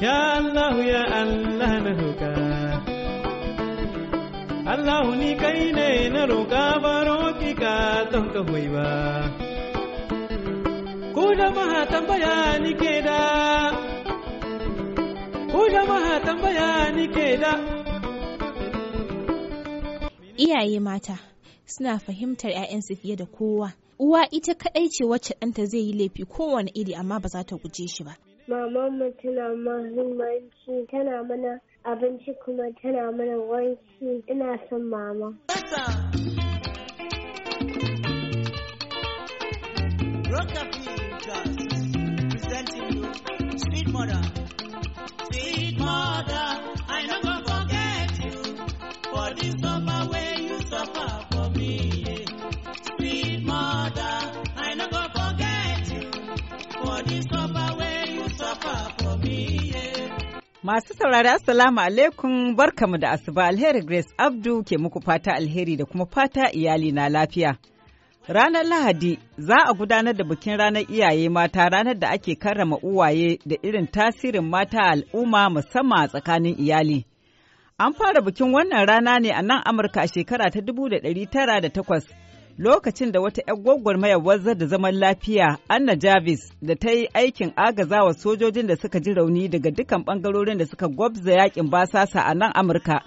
Ya Allah ya Allah na roƙa Allah ni kai ne na roƙa baro ki ka don ka hoyi ba Ku jama'a tambaya ni ke da Ku jama'a tambaya ni ke da Iyaye mata suna fahimtar 'ya'yansu fiye da kowa uwa ita kaɗai ce wacce ɗanta zai yi laifi kowane iri amma ba za ta guje shi ba mamanmu tana mahimmanci tana mana abinci kuma tana mana wanki ina son mama. Sweet mother, sweet mother, I never forget you for this suffer where you suffer for me. Sweet mother, I never forget you for this suffer. Masu saurari Assalamu alaikum barkamu da asuba alheri Grace Abdu ke muku fata alheri da kuma fata iyali na lafiya. Ranar Lahadi za a gudanar da bikin ranar iyaye mata ranar da ake karrama uwaye da irin tasirin mata al'umma musamman a tsakanin iyali. An fara bikin wannan rana ne a nan Amurka a shekara ta 1908 lokacin da wata 'yar gwagwarmayar wazzar da zaman lafiya Anna Jarvis da ta yi aikin agaza wa sojojin da suka ji rauni daga dukkan bangarorin da suka gwabza yakin basasa a nan Amurka.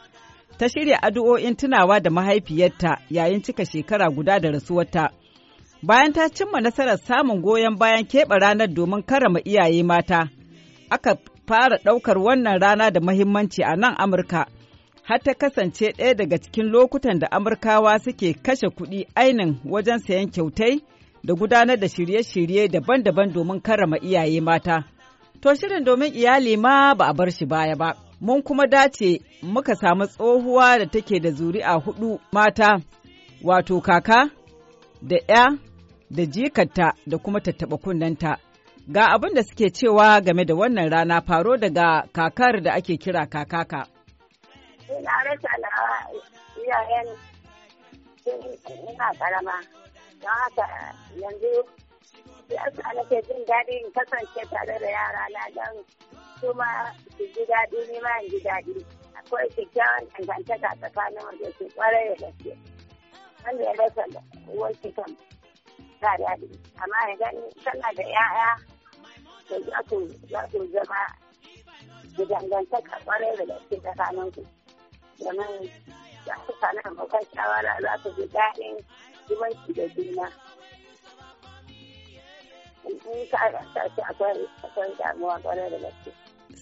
Ta shirya addu'o'in tunawa da mahaifiyarta yayin cika shekara guda da rasuwarta. Bayan ta cimma nasarar samun goyon bayan keɓe ranar domin karama iyaye mata, aka fara ɗaukar wannan rana da mahimmanci a nan Amurka har ta kasance ɗaya daga cikin lokutan da Amurkawa suke kashe kuɗi ainin wajen sayan kyautai da gudanar da shirye-shirye daban-daban domin karrama iyaye mata. To shirin domin iyali ma ba a bar shi baya ba. Mun kuma dace muka samu tsohuwa da take da zuri'a hudu mata, wato kaka da ‘ya da jikarta da kuma tattaɓa kunnanta. Ga abin da suke cewa game da wannan rana faro daga kakar da ake kira kakaka. na rasa alawa iyayen ina karama don haka yanzu yasa nake jin daɗi in kasance tare da yara na don kuma su ji daɗi ni ma in ji daɗi akwai kyakkyawan dangantaka tsakanin wajen su kwarai da gaske wanda ya rasa uwar kan ba daɗi amma idan tana da 'ya'ya to za su zama da dangantaka kwarai da gaske tsakanin su. ji daɗin da juna. ka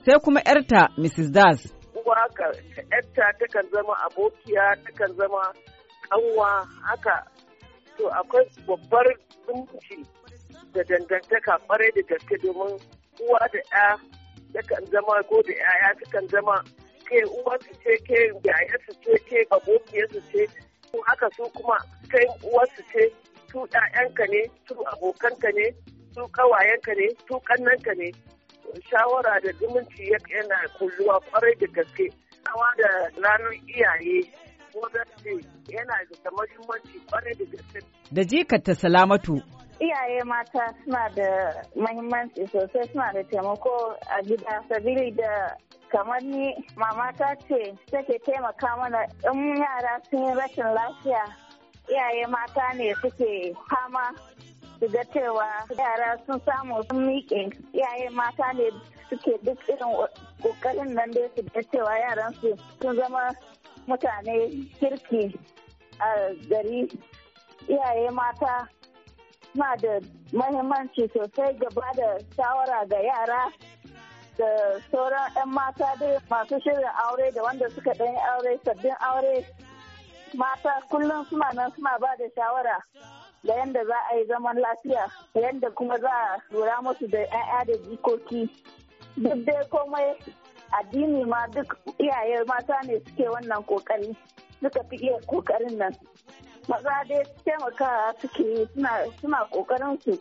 Sai kuma 'yarta Mrs. Das. Kuma haka 'yarta takan zama abokiya takan zama kanwa haka to akwai babbar zumunci da dangantaka kwarai da gaske domin uwa da 'ya takan zama ko da 'ya'ya takan zama ke su ce ke su ce ke su ce su haka su kuma kai su ce su ɗayanka ne su abokanka ne su ƙawayenka ne su ƙannanka ne shawara da zumunci yana kulluwa kwarai da gaske kawa da ranar iyaye ko ce yana da mahimmanci kwarai da gaske da jikarta salamatu iyaye mata suna da mahimmanci sosai suna da taimako a gida sabili da kamar ni mamata ce take taimaka mana in yara sun yi rashin lafiya iyaye mata ne suke fama ga cewa yara sun samu sun miƙe iyaye mata ne suke duk irin ƙoƙarin nan da su ga cewa yaran su sun zama mutane kirki a gari iyaye mata na da mahimmanci sosai gaba da shawara ga yara da sauran 'yan mata dai masu shirin aure da wanda suka ɗan aure sabbin aure mata kullum suna nan suna ba da shawara da yadda za a yi zaman lafiya da yadda kuma za a lura musu da 'ya'ya da jikoki duk dai komai addini ma duk iyaye mata ne suke wannan kokari suka fi iya kokarin nan maza dai taimakawa suke suna kokarin su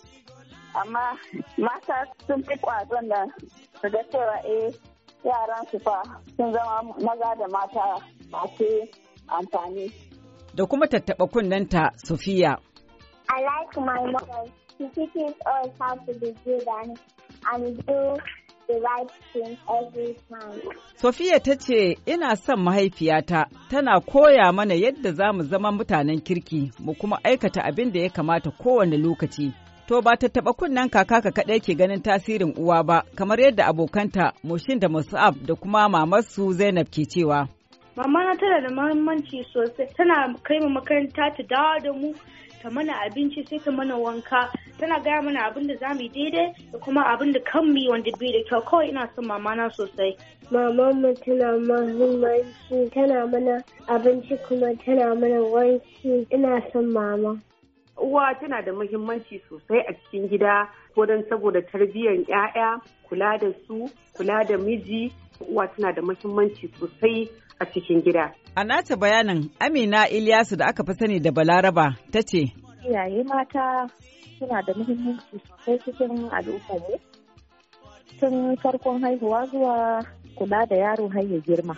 amma mata sun fi kwazon nan su ga cewa eh yaran su fa sun zama maza da mata masu amfani. Da kuma tattaɓa kunnenta Sofiya. I like my mother. She teaches us how to be good and, and do the right thing every time. Sofiya ta ce, Ina son mahaifiyata, tana koya mana yadda za mu zama mutanen kirki, mu kuma aikata abin da ya kamata kowane lokaci. To ba ta taba kunnen kaka ka kaɗai ke ganin tasirin uwa ba, kamar yadda abokanta Mushin da Musa'ab da kuma mamarsu Zainab ke cewa. Mama na tana da mahimmanci sosai, tana kai mu makaranta ta dawo da mu, ta mana abinci sai ta mana wanka, tana gaya mana abin da za daidai da kuma abin da kan mu wanda bai da kyau kawai ina son mama na sosai. Mama mu tana mahimmanci, tana mana abinci kuma tana mana wanki, ina son mama. uwa tana da muhimmanci sosai a cikin gida ko don saboda tarbiyyar 'ya'ya kula da su kula da miji uwa tana da muhimmanci sosai a cikin gida. A nata bayanin Amina Ilyasu da aka fi sani da Balaraba ta ce. Iyaye mata suna da muhimmanci sosai cikin al'umma Tun farkon haihuwa zuwa kula da yaro har ya girma.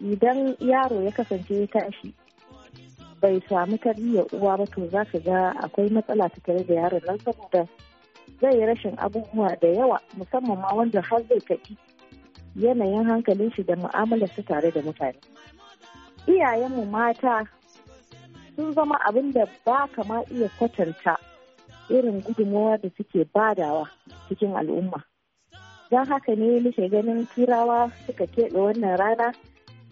Idan yaro ya kasance ya tashi bai samu tarbiyyar uwa ba to za ka ga akwai matsala ta tare da yaron nan saboda zai yi rashin abubuwa da yawa musamman ma wanda har zai tafi yanayin hankalin shi da mu'amalar su tare da mutane iyayenmu mata sun zama abin da ba ka ma iya kwatanta irin gudunmawa da suke badawa cikin al'umma don haka ne muke ganin turawa suka keɓe wannan rana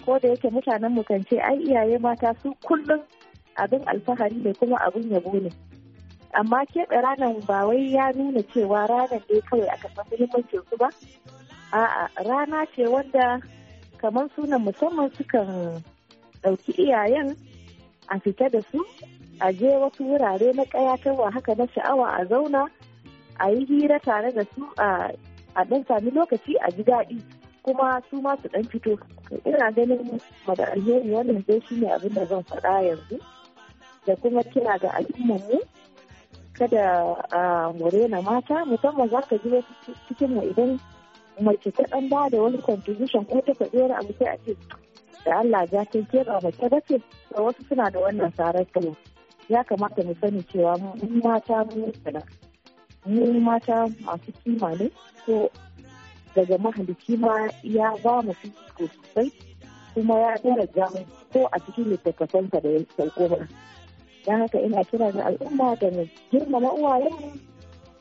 ko da yake mutanen mu kan ce ai iyaye mata su kullum abin alfahari ne kuma abin yabo ne amma keɓe ranar ba wai ya nuna cewa ranar ne kawai aka san muhimmancin su ba a'a rana ce wanda kamar sunan musamman sukan ɗauki iyayen a fita da su a je wasu wurare na ƙayatarwa haka na sha'awa a zauna a yi hira tare da su a ɗan sami lokaci a ji daɗi kuma su ma su dan fito ina ganin da alheri wannan dai shine abin da zan faɗa yanzu da kuma kira ga al'ummar mu kada a morena mata musamman za ka ji wasu cikin mu idan mace ta dan ba da wani contribution ko ta faɗi wani abu sai a ce da Allah ya ta kera mace ba ce da wasu suna da wannan sarar ya kamata mu sani cewa mu mata mu mata masu kima ne ko daga mahaliki ma ya ba mu sosai kuma ya tara mu ko a cikin littattafansa da ya sauko mana don haka ina kira ga al'umma da mu girmama uwayen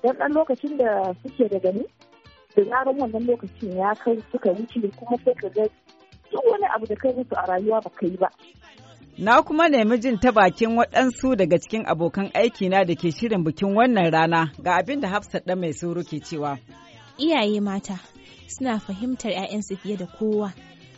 don ɗan lokacin da suke da gani da zaran wannan lokacin ya kai suka wuce kuma sai ka ga duk wani abu da kai musu a rayuwa ba ka yi ba Na kuma nemi jin ta bakin waɗansu daga cikin abokan aikina da ke shirin bikin wannan rana ga abin da Hafsat ɗan mai suru ke cewa. Iyaye mata, suna fahimtar 'ya'yansu fiye da kowa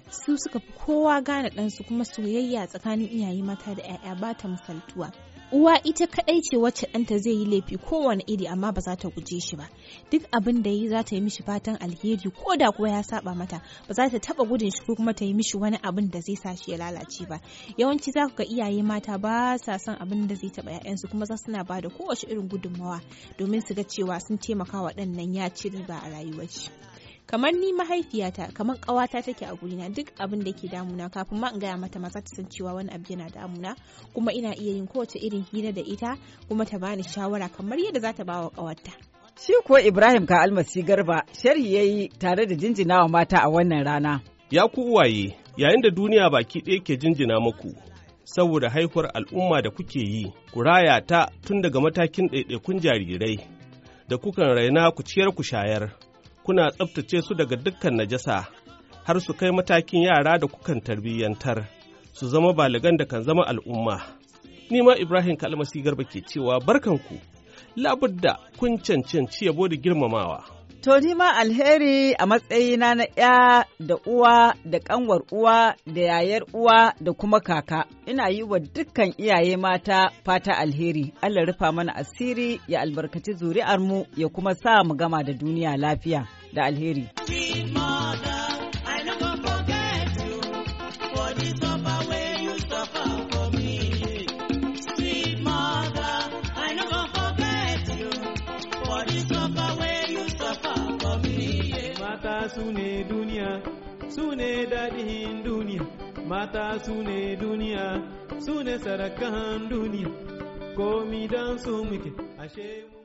su suka fi kowa gane ɗansu kuma soyayya tsakanin iyaye mata da 'ya'ya ba ta misaltuwa uwa ita kaɗai ce wacce ɗanta zai yi laifi kowane iri amma ba za ta guje shi ba duk abin da yi za ta yi mishi fatan alheri ko da kuwa ya saba mata ba za ta taɓa gudun shi ko kuma ta yi mishi wani abin da zai sa shi ya lalace ba yawanci za ku ga iyaye mata ba sa son abin da zai taba 'ya'yansu kuma za suna ba da kowace irin gudunmawa domin su ga cewa sun taimaka wa ɗan ya ci riba a rayuwar kamar ni mahaifiyata kamar ƙawata take a gurina duk abin da ke damuna kafin ma in gaya mata ma ta san cewa wani abu yana damuna kuma ina iya yin kowace irin hira da ita kuma ta bani shawara kamar yadda za ta ba wa ƙawarta. Shi kuwa Ibrahim ka almasi garba sharhi ya yi tare da jinjinawa mata a wannan rana. Ya ku uwaye yayin da duniya baki ɗaya ke jinjina muku saboda haihuwar al'umma da kuke yi ku raya ta tun daga matakin ɗaiɗaikun jarirai da kukan raina ku ciyar ku shayar. kuna tsabtace su daga dukkan najasa har su kai matakin yara da kukan tarbiyyantar su zama baligan da kan zama al'umma. Ni ma Ibrahim Kalmasi Garba ke cewa barkanku, labar da kun cancanci yabo da girmamawa. To ni ma alheri a matsayina na ya da uwa da ƙanwar uwa da yayar uwa da kuma kaka. Ina yi wa dukkan iyaye mata fata alheri. Allah rufa mana asiri ya albarkaci zuri'armu ya kuma sa mu gama da duniya lafiya da alheri. su ne duniya su ne daɗin duniya mata su ne duniya su ne sarakan duniya komi dan su muke ashe mu